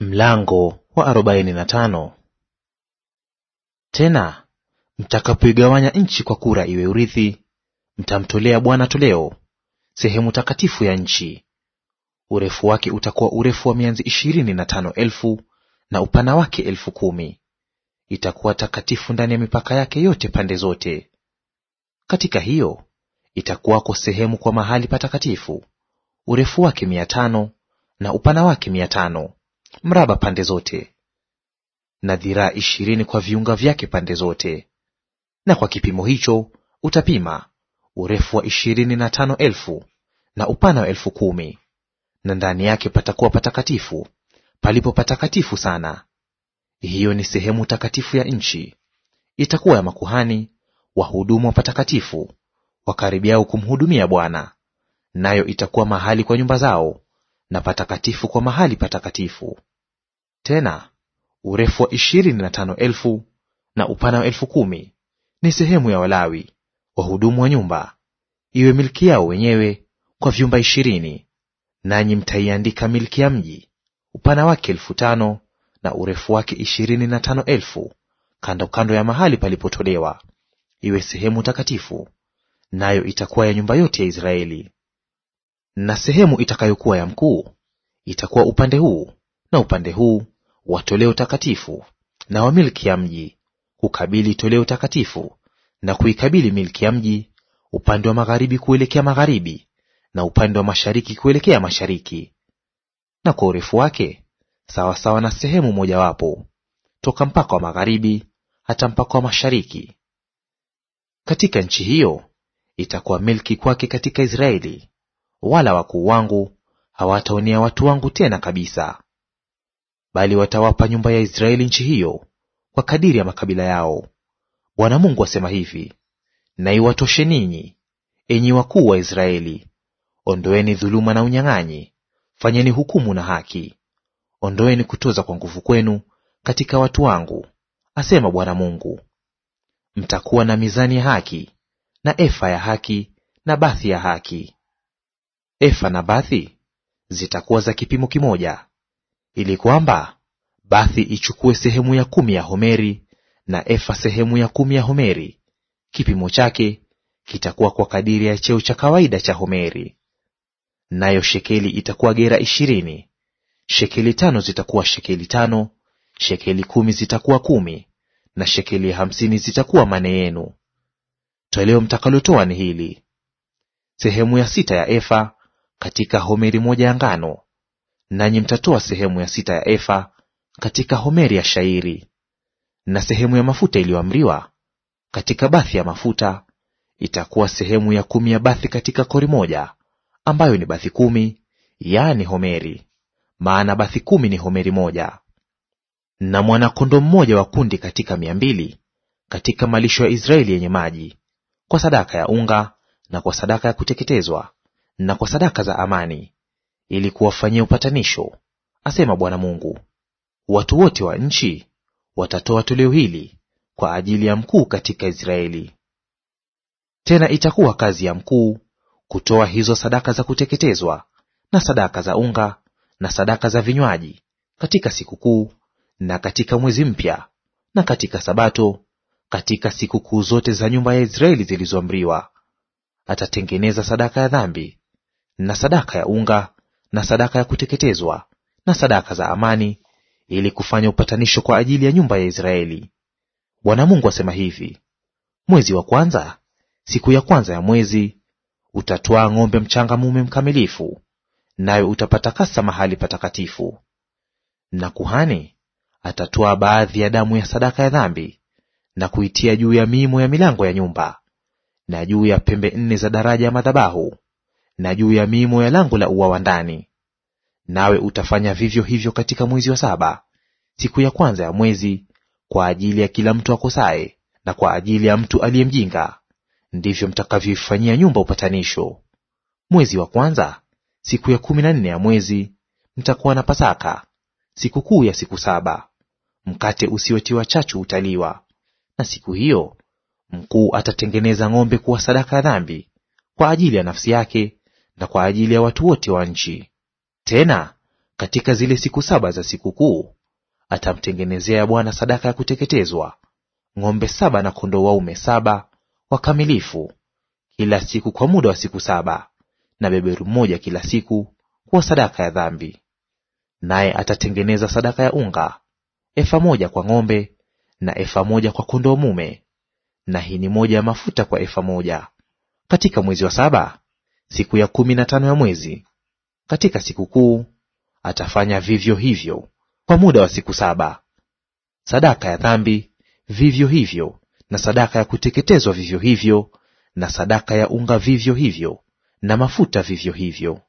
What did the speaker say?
Mlango wa arobaini na tano. Tena mtakapoigawanya nchi kwa kura iwe urithi, mtamtolea Bwana toleo sehemu takatifu ya nchi. Urefu wake utakuwa urefu wa mianzi ishirini na tano elfu na upana wake elfu kumi. Itakuwa takatifu ndani ya mipaka yake yote pande zote. Katika hiyo itakuwako sehemu kwa mahali patakatifu, urefu wake mia tano na upana wake mia tano mraba pande zote, na dhiraa ishirini kwa viunga vyake pande zote, na kwa kipimo hicho utapima urefu wa ishirini na tano elfu na upana wa elfu kumi na ndani yake patakuwa patakatifu palipo patakatifu sana. Hiyo ni sehemu takatifu ya nchi, itakuwa ya makuhani wahudumu wa patakatifu wakaribiao kumhudumia Bwana, nayo itakuwa mahali kwa nyumba zao na patakatifu kwa mahali patakatifu. Tena urefu wa ishirini na tano elfu na upana wa elfu kumi ni sehemu ya Walawi wahudumu wa nyumba, iwe milki yao wenyewe kwa vyumba ishirini. Nanyi mtaiandika milki ya mji, upana wake elfu tano na urefu wake ishirini na tano elfu kando kando ya mahali palipotolewa, iwe sehemu takatifu, nayo itakuwa ya nyumba yote ya Israeli na sehemu itakayokuwa ya mkuu itakuwa upande huu na upande huu wa toleo takatifu na wa milki ya mji, kukabili toleo takatifu na kuikabili milki ya mji, upande wa magharibi kuelekea magharibi, na upande wa mashariki kuelekea mashariki. Na kwa urefu wake sawasawa na sehemu mojawapo, toka mpaka wa magharibi hata mpaka wa mashariki. Katika nchi hiyo itakuwa milki kwake katika Israeli, wala wakuu wangu hawataonea watu wangu tena kabisa, bali watawapa nyumba ya Israeli nchi hiyo kwa kadiri ya makabila yao. Bwana Mungu asema hivi, na iwatoshe ninyi, enyi wakuu wa Israeli. Ondoeni dhuluma na unyang'anyi, fanyeni hukumu na haki. Ondoeni kutoza kwa nguvu kwenu katika watu wangu, asema Bwana Mungu. Mtakuwa na mizani ya haki na efa ya haki na bathi ya haki efa na bathi zitakuwa za kipimo kimoja, ili kwamba bathi ichukue sehemu ya kumi ya homeri na efa sehemu ya kumi ya homeri; kipimo chake kitakuwa kwa kadiri ya cheo cha kawaida cha homeri. Nayo shekeli itakuwa gera ishirini. Shekeli tano zitakuwa shekeli tano, shekeli kumi zitakuwa kumi, na shekeli hamsini zitakuwa mane yenu. Toleo mtakalotoa ni hili: sehemu ya sita ya efa katika homeri moja ya ngano, nanyi mtatoa sehemu ya sita ya efa katika homeri ya shairi. Na sehemu ya mafuta iliyoamriwa katika bathi ya mafuta itakuwa sehemu ya kumi ya bathi katika kori moja, ambayo ni bathi kumi, yaani homeri, maana bathi kumi ni homeri moja. Na mwana mmoja wa kundi katika mia mbili katika malisho ya Israeli yenye maji, kwa sadaka ya unga na kwa sadaka ya kuteketezwa na kwa sadaka za amani, ili kuwafanyia upatanisho, asema Bwana Mungu. Watu wote wa nchi watatoa toleo hili kwa ajili ya mkuu katika Israeli. Tena itakuwa kazi ya mkuu kutoa hizo sadaka za kuteketezwa na sadaka za unga na sadaka za vinywaji katika sikukuu na katika mwezi mpya na katika Sabato, katika sikukuu zote za nyumba ya Israeli zilizoamriwa. Atatengeneza sadaka ya dhambi na sadaka ya unga na sadaka ya kuteketezwa na sadaka za amani, ili kufanya upatanisho kwa ajili ya nyumba ya Israeli. Bwana Mungu asema hivi: mwezi wa kwanza, siku ya kwanza ya mwezi, utatwaa ng'ombe mchanga mume mkamilifu, nawe utapatakasa mahali patakatifu. Na kuhani atatwaa baadhi ya damu ya sadaka ya dhambi na kuitia juu ya miimo ya milango ya nyumba na juu ya pembe nne za daraja ya madhabahu na juu ya mimo ya lango la uwa wa ndani. Nawe utafanya vivyo hivyo katika mwezi wa saba, siku ya kwanza ya mwezi, kwa ajili ya kila mtu akosaye na kwa ajili ya mtu aliyemjinga ndivyo mtakavyoifanyia nyumba upatanisho. Mwezi wa kwanza, siku ya kumi na nne ya mwezi, mtakuwa na Pasaka, siku kuu ya siku saba. Mkate usiotiwa chachu utaliwa. Na siku hiyo mkuu atatengeneza ng'ombe kuwa sadaka ya dhambi kwa ajili ya nafsi yake na kwa ajili ya watu wote wa nchi. Tena katika zile siku saba za sikukuu atamtengenezea Bwana sadaka ya kuteketezwa, ng'ombe saba na kondoo waume saba wakamilifu kila siku kwa muda wa siku saba, na beberu mmoja kila siku kuwa sadaka ya dhambi. Naye atatengeneza sadaka ya unga efa moja kwa ng'ombe na efa moja kwa kondoo mume na hini moja ya mafuta kwa efa moja. Katika mwezi wa saba siku ya kumi na tano ya mwezi, katika siku kuu atafanya vivyo hivyo kwa muda wa siku saba. Sadaka ya dhambi vivyo hivyo, na sadaka ya kuteketezwa vivyo hivyo, na sadaka ya unga vivyo hivyo, na mafuta vivyo hivyo.